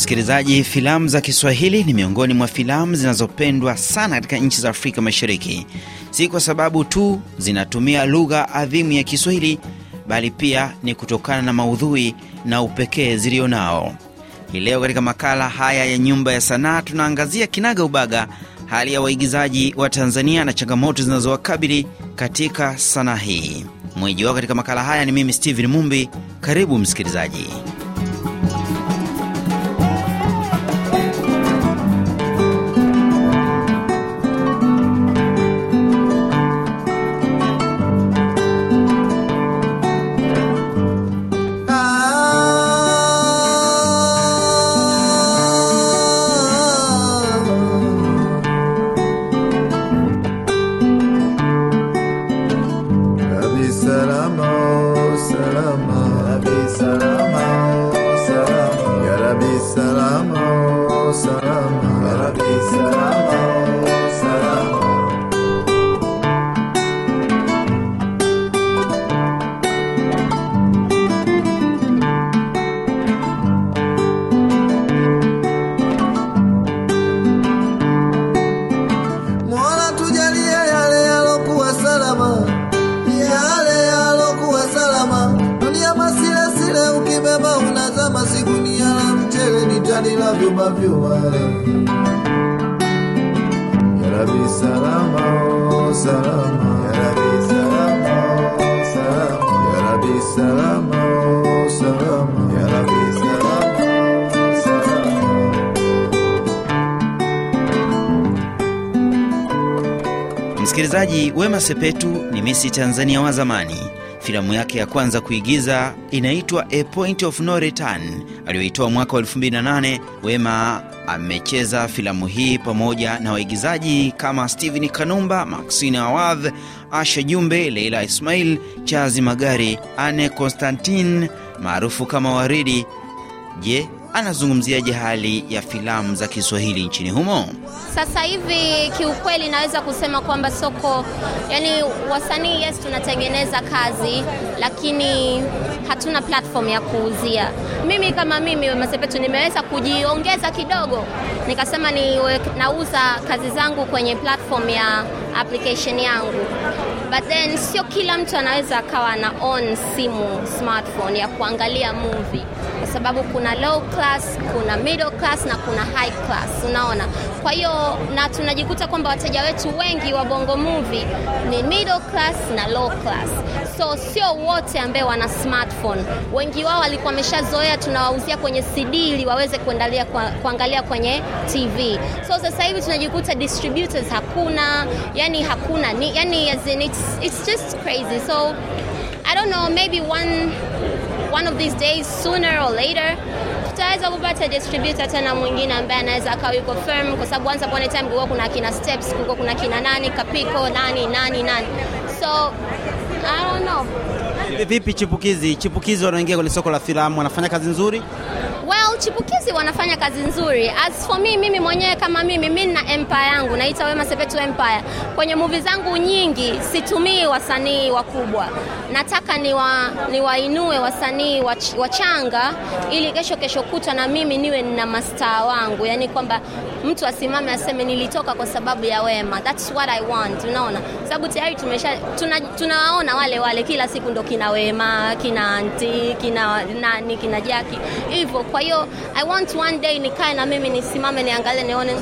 Msikilizaji, filamu za Kiswahili ni miongoni mwa filamu zinazopendwa sana katika nchi za Afrika Mashariki, si kwa sababu tu zinatumia lugha adhimu ya Kiswahili, bali pia ni kutokana na maudhui na upekee zilionao. Hii leo katika makala haya ya Nyumba ya Sanaa tunaangazia kinaga ubaga hali ya waigizaji wa Tanzania na changamoto zinazowakabili katika sanaa hii. Mweji wao katika makala haya ni mimi stehen Mumbi. Karibu msikilizaji. Msikilizaji, Wema Sepetu ni Misi Tanzania wa zamani. Filamu yake ya kwanza kuigiza inaitwa A Point of No Return aliyoitoa mwaka wa 208 Wema amecheza filamu hii pamoja na waigizaji kama stephen Kanumba, maxin Awadh, Asha Jumbe, Leila Ismail, Chazi Magari, Anne constantin maarufu kama Waridi. Je, anazungumziaje hali ya filamu za Kiswahili nchini humo sasa hivi? Kiukweli naweza kusema kwamba soko, yani wasanii yes, tunatengeneza kazi lakini hatuna platform ya kuuzia. Mimi kama mimi Masepetu nimeweza kujiongeza kidogo, nikasema ni nauza kazi zangu kwenye platform ya application yangu but then sio kila mtu anaweza akawa na own simu smartphone ya kuangalia movie sababu kuna low class, kuna middle class na kuna high class, unaona. Kwa hiyo na tunajikuta kwamba wateja wetu wengi wa Bongo Movie ni middle class na low class, so sio wote ambao wana smartphone. Wengi wao walikuwa wameshazoea tunawauzia kwenye CD ili waweze kuendelea kuangalia kwenye TV. So sasa hivi tunajikuta distributors hakuna, yani hakuna ni, yani as in it's, it's just crazy so I don't know maybe one one of these days sooner or later tutaweza kupata distributor tena mwingine ambaye anaweza akawa yuko firm, kwa sababu once upon a time kulikuwa kuna kina Steps, kulikuwa kuna kina nani Kapiko, nani nani nani, so I don't know. Vipi chipukizi chipukizi wanaingia kwenye soko la filamu, wanafanya kazi nzuri? Well, chipukizi wanafanya kazi nzuri. As for me, mimi mwenyewe kama mimi, mimi na empire yangu naita Wema Sepetu empire. Kwenye movie zangu nyingi situmii wasanii wakubwa, nataka niwainue wa, ni wasanii wachanga ili kesho kesho kutwa na mimi niwe na mastaa wangu, yaani kwamba mtu asimame aseme nilitoka kwa sababu ya Wema, that's what I want. Unaona, sababu tayari tumesha tunawaona wale wale kila siku, ndo kina Wema kina anti kina nani kina Jaki hivyo. Kwa hiyo I want one day nikae na mimi nisimame niangalie nione,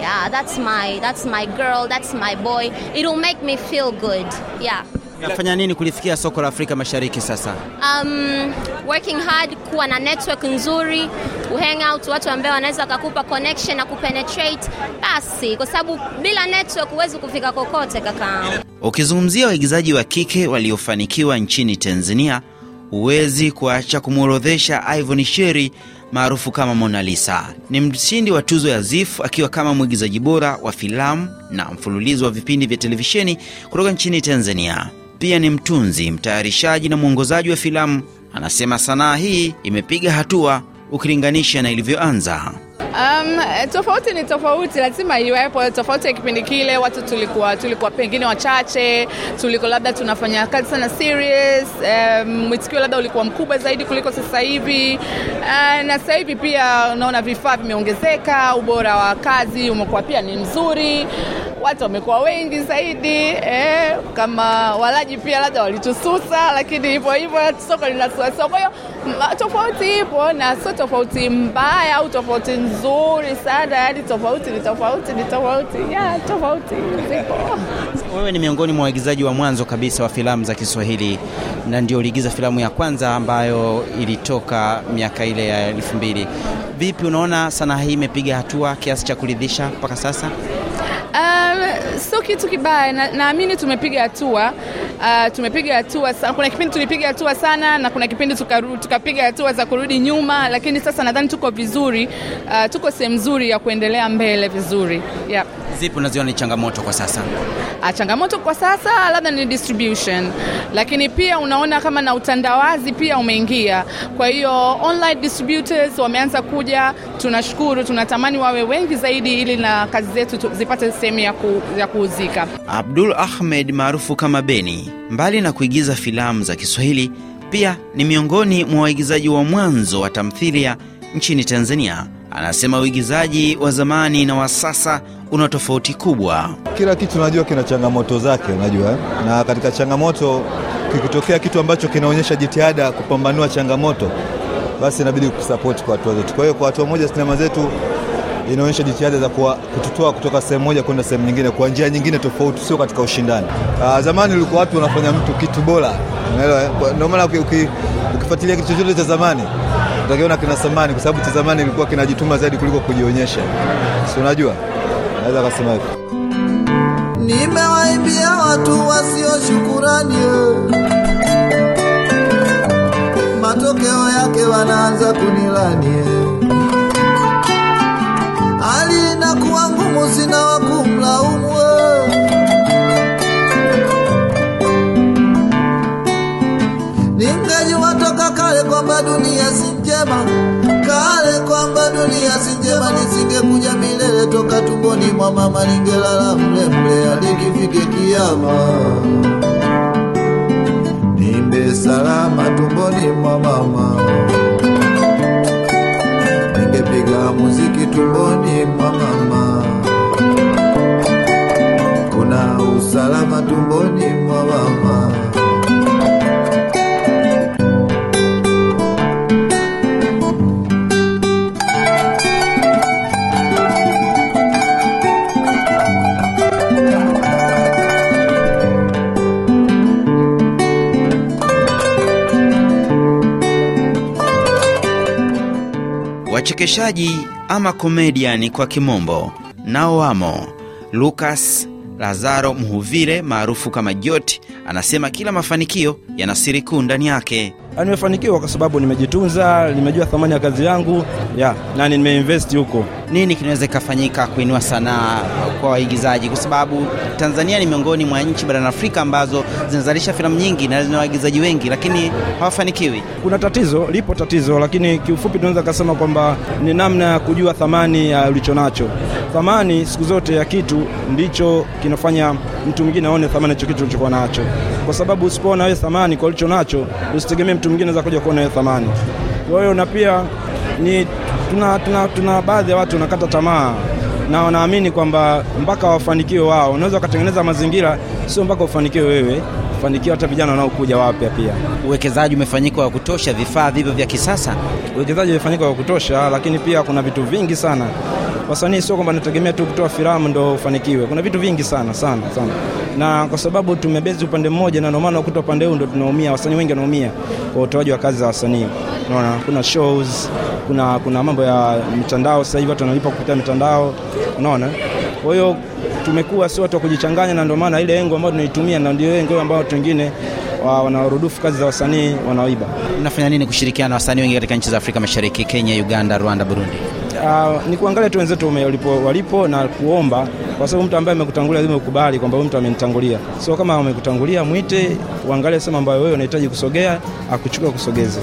yeah, that's my that's my girl, that's my boy, it will make me feel good yeah unafanya nini kulifikia soko la Afrika Mashariki sasa? Um, working hard, kuwa na network nzuri, kuhang out watu ambao wanaweza wakakupa connection na kupenetrate basi, kwa sababu bila network huwezi kufika kokote kaka. Ukizungumzia waigizaji wa kike waliofanikiwa nchini Tanzania, huwezi kuacha kumworodhesha Ivon Sheri maarufu kama Mona Lisa. Ni mshindi wa tuzo ya zif akiwa kama mwigizaji bora wa filamu na mfululizo wa vipindi vya televisheni kutoka nchini Tanzania pia ni mtunzi, mtayarishaji na mwongozaji wa filamu, anasema sanaa hii imepiga hatua ukilinganisha na ilivyoanza. Um, tofauti ni tofauti, lazima iwepo tofauti. Ya kipindi kile watu tulikuwa tulikuwa pengine wachache, tulikuwa labda tunafanya kazi sana serious. Um, mwitikio labda ulikuwa mkubwa zaidi kuliko sasa hivi. Uh, na sasa hivi pia unaona vifaa vimeongezeka, ubora wa kazi umekuwa pia ni mzuri watu wamekuwa wengi zaidi eh, kama walaji pia labda walitususa, lakini hivyo hivyo soko linasuasua. Kwa hiyo tofauti ipo na sio tofauti mbaya au tofauti nzuri sana, yani tofauti ni tofauti ni tofauti yeah, tofauti zipo. Wewe ni miongoni mwa waigizaji wa mwanzo kabisa wa filamu za Kiswahili na ndio uliigiza filamu ya kwanza ambayo ilitoka miaka ile ya elfu mbili. Vipi unaona sanaa hii imepiga hatua kiasi cha kuridhisha mpaka sasa? Uh, sio kitu kibaya, naamini na tumepiga hatua uh, tumepiga hatua Kuna kipindi tulipiga hatua sana na kuna kipindi tukapiga tuka hatua za kurudi nyuma, lakini sasa nadhani tuko vizuri uh, tuko sehemu nzuri ya kuendelea mbele vizuri yep. Zipi unaziona ni changamoto kwa sasa? A, ah, changamoto kwa sasa labda ni distribution, lakini pia unaona kama na utandawazi pia umeingia, kwa hiyo online distributors wameanza kuja. Tunashukuru, tunatamani wawe wengi zaidi, ili na kazi zetu zipate sehemu ya ku ya kuuzika. Abdul Ahmed maarufu kama Beni, mbali na kuigiza filamu za Kiswahili, pia ni miongoni mwa waigizaji wa mwanzo wa tamthilia nchini Tanzania. Anasema uigizaji wa zamani na wa sasa una tofauti kubwa. Kila kitu najua kina changamoto zake, unajua, eh? na katika changamoto kikitokea kitu ambacho kinaonyesha jitihada kupambanua changamoto, basi inabidi kusapoti kwa hatua zetu. Kwa hiyo kwa hatua moja, sinema zetu inaonyesha jitihada za kututoa kutoka sehemu moja kwenda sehemu nyingine kwa njia nyingine tofauti, sio katika ushindani. Aa, ah, zamani ulikuwa watu wanafanya mtu kitu bora, unaelewa. Eh? Ndio maana ukifuatilia kitu chochote cha zamani utakiona kina thamani, kwa sababu cha zamani ilikuwa kinajituma zaidi kuliko kujionyesha, si unajua, naweza kusema hivyo. Nimewaimbia watu wasio shukurani, matokeo yake wanaanza kunilania. inakuwa ngumu, sina wa Ningejua toka kale kwamba dunia si kale kwamba dunia si njema, nisingekuja milele toka tumboni mwa mama, ningelala mlemle mle alikifike kiama. Nimbe salama tumboni mwa mama, ningepiga muziki tumboni mwa mama, kuna usalama tumboni mwa mama. chekeshaji ama comedian kwa kimombo, nao wamo. Lucas Lazaro Mhuvile maarufu kama Joti anasema kila mafanikio yana siri kuu ndani yake nimefanikiwa kwa sababu nimejitunza, nimejua thamani ya kazi yangu yeah, na nimeinvest huko. Nini kinaweza kikafanyika kuinua sanaa kwa waigizaji? Kwa sababu Tanzania ni miongoni mwa nchi barani Afrika ambazo zinazalisha filamu nyingi na zina waigizaji wengi, lakini hawafanikiwi. Kuna tatizo, lipo tatizo, lakini kiufupi tunaweza kusema kwamba ni namna ya kujua thamani ya ulicho nacho. Thamani siku zote ya kitu ndicho kinafanya mtu mwingine aone thamani ya kitu ulichokuwa nacho, kwa sababu usipoona wewe thamani kwa ulicho nacho usitegemee mtu mwingine anaweza kuja kuona hiyo thamani. Kwa hiyo na pia ni tuna, tuna, tuna baadhi ya watu wanakata tamaa na wanaamini kwamba mpaka wafanikiwe wao. Unaweza ukatengeneza mazingira, sio mpaka ufanikiwe wewe, fanikiwa hata vijana wanaokuja wapya pia. Uwekezaji umefanyika wa kutosha, vifaa vivyo vya kisasa, uwekezaji umefanyika wa kutosha, lakini pia kuna vitu vingi sana. Wasanii sio kwamba nategemea tu kutoa filamu ndo ufanikiwe, kuna vitu vingi sana sana sana na kwa sababu tumebezi upande mmoja, na ndio maana ukuta upande huu ndio tunaumia, wasanii wengi wanaumia kwa utoaji wa kazi za wasanii. Unaona, kuna shows, kuna, kuna mambo ya mitandao. Sasa hivi watu wanalipa kupitia mitandao, unaona. Kwa hiyo tumekuwa si watu wa kujichanganya, na ndio maana ile engo ambayo tunaitumia na ndio engo ambayo watu wengine wanaorudufu kazi za wasanii wanaoiba Mnafanya nini kushirikiana na wasanii wengi katika nchi za Afrika Mashariki, Kenya, Uganda, Rwanda, Burundi? uh, ah, ni kuangalia tu wenzetu walipo, walipo na kuomba, kwa sababu mtu ambaye amekutangulia lazima ukubali kwamba huyu mtu amenitangulia. So kama amekutangulia mwite, uangalie sehemu ambayo wewe unahitaji kusogea, akuchukua kusogeze.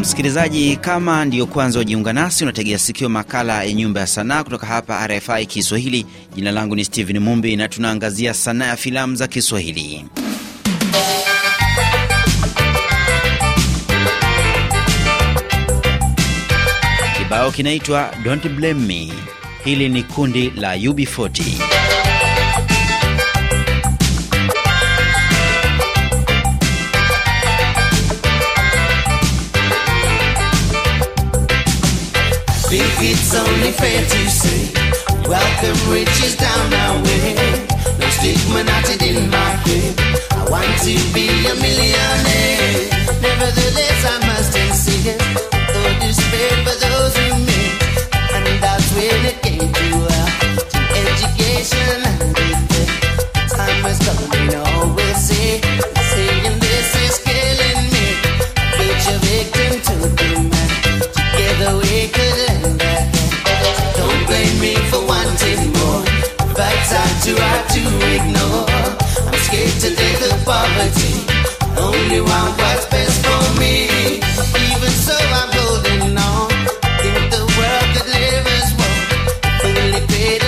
Msikilizaji, kama ndiyo kwanza wajiunga nasi, unategea sikio makala ya Nyumba ya Sanaa kutoka hapa RFI Kiswahili. Jina langu ni Steven Mumbi na tunaangazia sanaa ya filamu za Kiswahili. Kibao kinaitwa Don't Blame Me. Hili ni kundi la UB40. It's only fair to say, welcome riches down our way. No stigma knotted in my grave. I want to be a millionaire.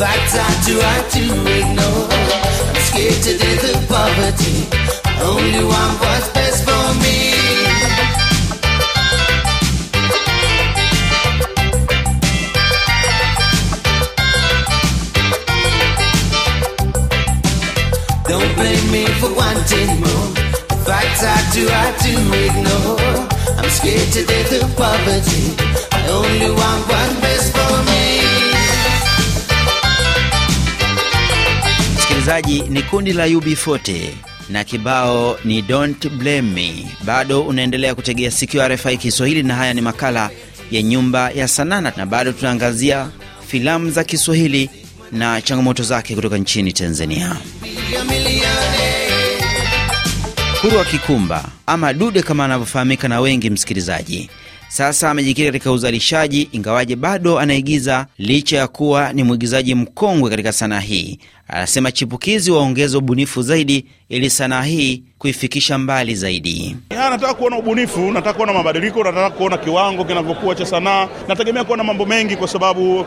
What I do I do ignore? I'm scared to death of poverty. I only want what's best for me. Don't blame me for wanting more. The facts I do, I do ignore. I'm scared to death of poverty. I only want what msikilizaji ni kundi la ub40 na kibao ni dont blame me bado unaendelea kutegea sikio rfi kiswahili na haya ni makala ya nyumba ya sanana na bado tunaangazia filamu za kiswahili na changamoto zake kutoka nchini tanzania wa kikumba ama dude kama anavyofahamika na wengi msikilizaji sasa amejikita katika uzalishaji ingawaje bado anaigiza licha ya kuwa ni mwigizaji mkongwe katika sanaa hii anasema chipukizi waongeza ubunifu zaidi ili sanaa hii kuifikisha mbali zaidi. Ya, ah, nataka kuona ubunifu, nataka kuona mabadiliko, nataka kuona kiwango kinavyokuwa cha sanaa. Nategemea kuona mambo mengi kwa sababu uh,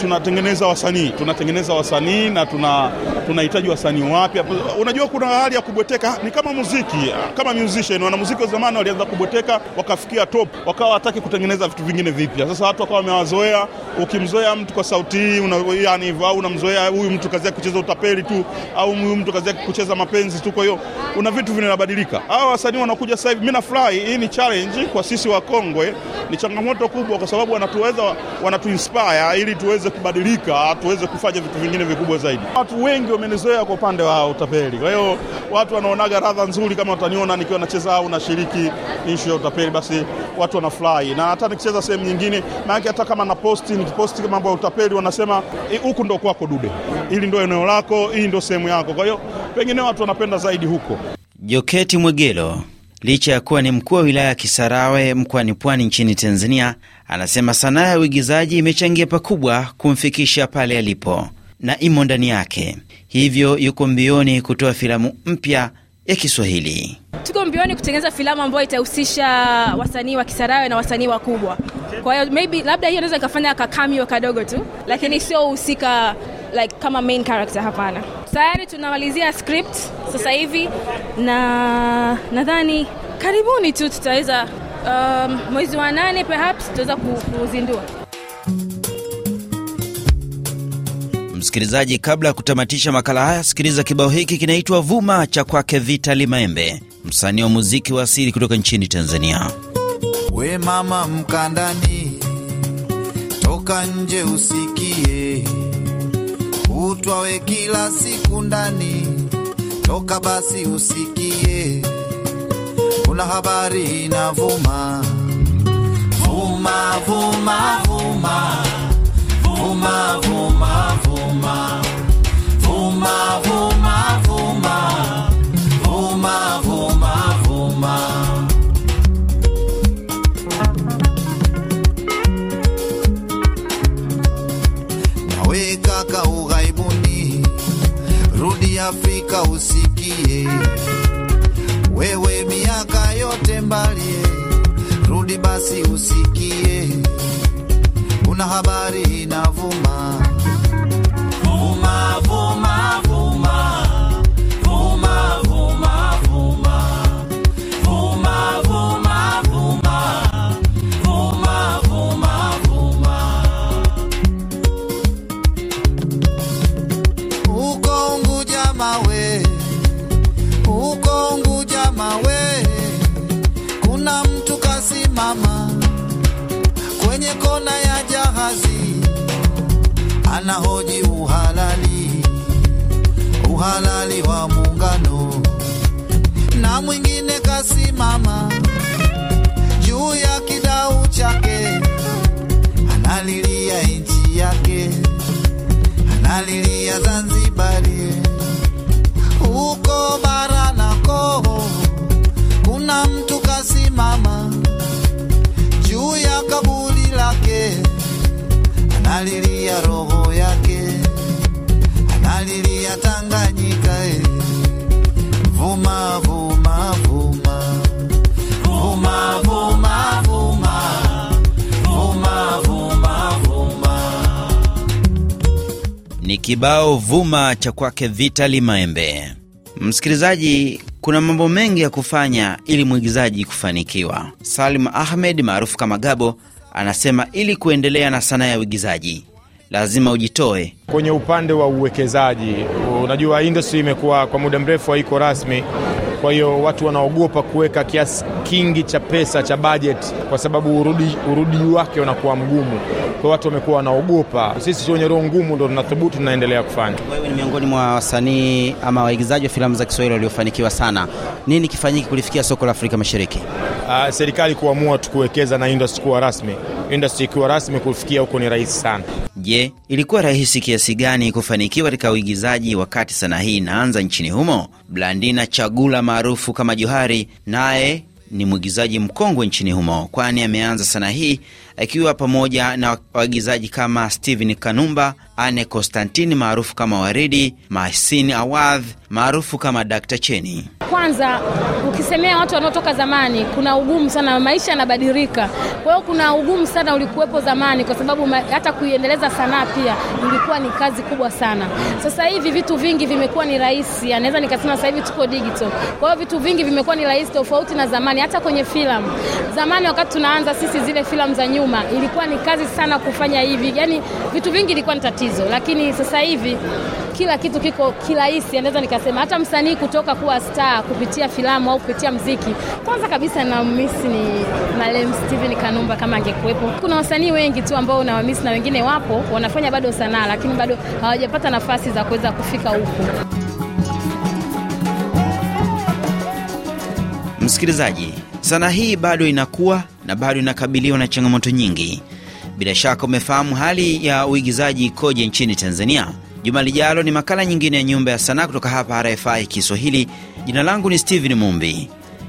tunatengeneza wasanii, tunatengeneza wasanii na tuna tunahitaji wasanii wapya. Unajua, kuna hali ya kubweteka, ni kama muziki, kama musician. Wana muziki wa zamani walianza kubweteka, wakafikia top, wakawa hataki kutengeneza vitu vingine vipya. Sasa watu wakawa wamewazoea. Ukimzoea mtu kwa sauti hii yani hivyo, au unamzoea huyu mtu kazi yake kucheza utapeli tu, au huyu mtu kazi yake kucheza mapenzi tu, kwa hiyo una vitu vinabadilika. Hawa wasanii wanakuja sasa hivi, mimi nafurahi. Hii ni challenge kwa sisi wakongwe, ni changamoto kubwa, kwa sababu wanatuweza, wanatuinspire ili tuweze kubadilika, tuweze kufanya vitu vingine vikubwa zaidi. Watu wengi wamenizoea kwa upande wa utapeli, kwa hiyo watu wanaonaga radha nzuri kama wataniona nikiwa nacheza au nashiriki ishu ya utapeli, basi watu wanafurahi, na hata nikicheza sehemu nyingine, maana hata kama naposti, nikiposti mambo ya utapeli wanasema huku ndo kwako dude, hili ndo eneo lako, hii ndo sehemu yako. Kwa hiyo pengine watu wanapenda zaidi huko. Joketi Mwegelo, licha ya kuwa ni mkuu wa wilaya ya Kisarawe mkoani Pwani nchini Tanzania, anasema sanaa ya uigizaji imechangia pakubwa kumfikisha pale alipo na imo ndani yake, hivyo yuko mbioni kutoa filamu mpya ya Kiswahili. Tuko mbioni kutengeneza filamu ambayo itahusisha wasanii wa Kisarawe na wasanii wakubwa. Kwa hiyo maybe labda hiyo naweza ikafanya kakamio kadogo tu, lakini sio uhusika like kama main character hapana. Tayari tunamalizia script sasa hivi na nadhani karibuni tu tutaweza um, mwezi wa nane perhaps tutaweza kuzindua. Msikilizaji, kabla ya kutamatisha makala haya, sikiliza kibao hiki kinaitwa Vuma cha kwake Vitali Maembe, msanii wa muziki wa asili kutoka nchini Tanzania. We mama mkandani, toka nje usikie utwawe kila siku ndani. Toka basi usikie, kuna habari inavuma. Vuma, vuma, vuma, vuma, vuma, vuma, vuma, vuma, vuma, Afrika usikie, wewe miaka yote mbali, rudi basi usikie, una habari na mama juu ya kidau chake, analilia nchi yake, analilia Zanzibari. Huko bara na koho kuna mtu kasimama juu ya kaburi lake, analilia roho kibao vuma cha kwake Vitali Maembe. Msikilizaji, kuna mambo mengi ya kufanya ili mwigizaji kufanikiwa. Salim Ahmed maarufu kama Gabo anasema ili kuendelea na sanaa ya uigizaji lazima ujitoe kwenye upande wa uwekezaji. Unajua, industry imekuwa kwa muda mrefu haiko rasmi kwa hiyo watu wanaogopa kuweka kiasi kingi cha pesa cha bajeti, kwa sababu urudi, urudi wake unakuwa mgumu. Kwa watu wamekuwa wanaogopa. Sisi wenye roho ngumu ndo tunathubutu, tunaendelea kufanya. Wewe ni miongoni mwa wasanii ama waigizaji wa filamu za Kiswahili waliofanikiwa sana, nini kifanyike kulifikia soko la Afrika Mashariki? Uh, serikali kuamua tukuwekeza na industry kuwa rasmi industry ikiwa rasmi kufikia huko ni rahisi sana. Je, ilikuwa rahisi kiasi gani kufanikiwa katika uigizaji wakati sana hii inaanza nchini humo? Blandina Chagula maarufu kama Johari naye ni mwigizaji mkongwe nchini humo, kwani ameanza sana hii akiwa pamoja na waigizaji kama stehen Kanumba Anne Constantine maarufu kama Waridi, Masin Awadh maarufu kama Dr. Cheni. Kwanza ukisemea watu wanaotoka zamani, kuna ugumu sana, maisha yanabadilika. Kwa hiyo kuna ugumu sana ulikuwepo zamani, kwa sababu hata kuiendeleza sanaa pia ilikuwa ni kazi kubwa sana. Sasa hivi vitu vingi vimekuwa ni rahisi, anaweza nikasema sasa hivi tuko digital. Kwa hiyo vitu vingi vimekuwa ni rahisi tofauti na zamani, hata kwenye filamu. Zamani wakati tunaanza sisi, zile filamu za nyuma, ilikuwa ni kazi sana kufanya hivi, yani vitu vingi ilikuwa ni tatizo hizo, lakini sasa hivi kila kitu kiko kirahisi, anaweza nikasema hata msanii kutoka kuwa star kupitia filamu au kupitia mziki. Kwanza kabisa namisi ni marehemu Steven Kanumba, kama angekuwepo. Kuna wasanii wengi tu ambao na nawamisi na wengine wapo wanafanya bado sanaa, lakini bado hawajapata nafasi za kuweza kufika huku. Msikilizaji, sanaa hii bado inakuwa na bado inakabiliwa na changamoto nyingi. Bila shaka umefahamu hali ya uigizaji ikoje nchini Tanzania. Juma lijalo ni makala nyingine ya Nyumba ya Sanaa kutoka hapa RFI Kiswahili. Jina langu ni stehen Mumbi.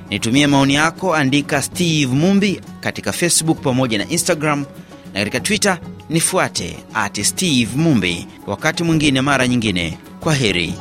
Nitumie maoni yako, andika Steve Mumbi katika Facebook pamoja na Instagram, na katika Twitter nifuate at Steve Mumbi. Wakati mwingine, mara nyingine, kwa heri.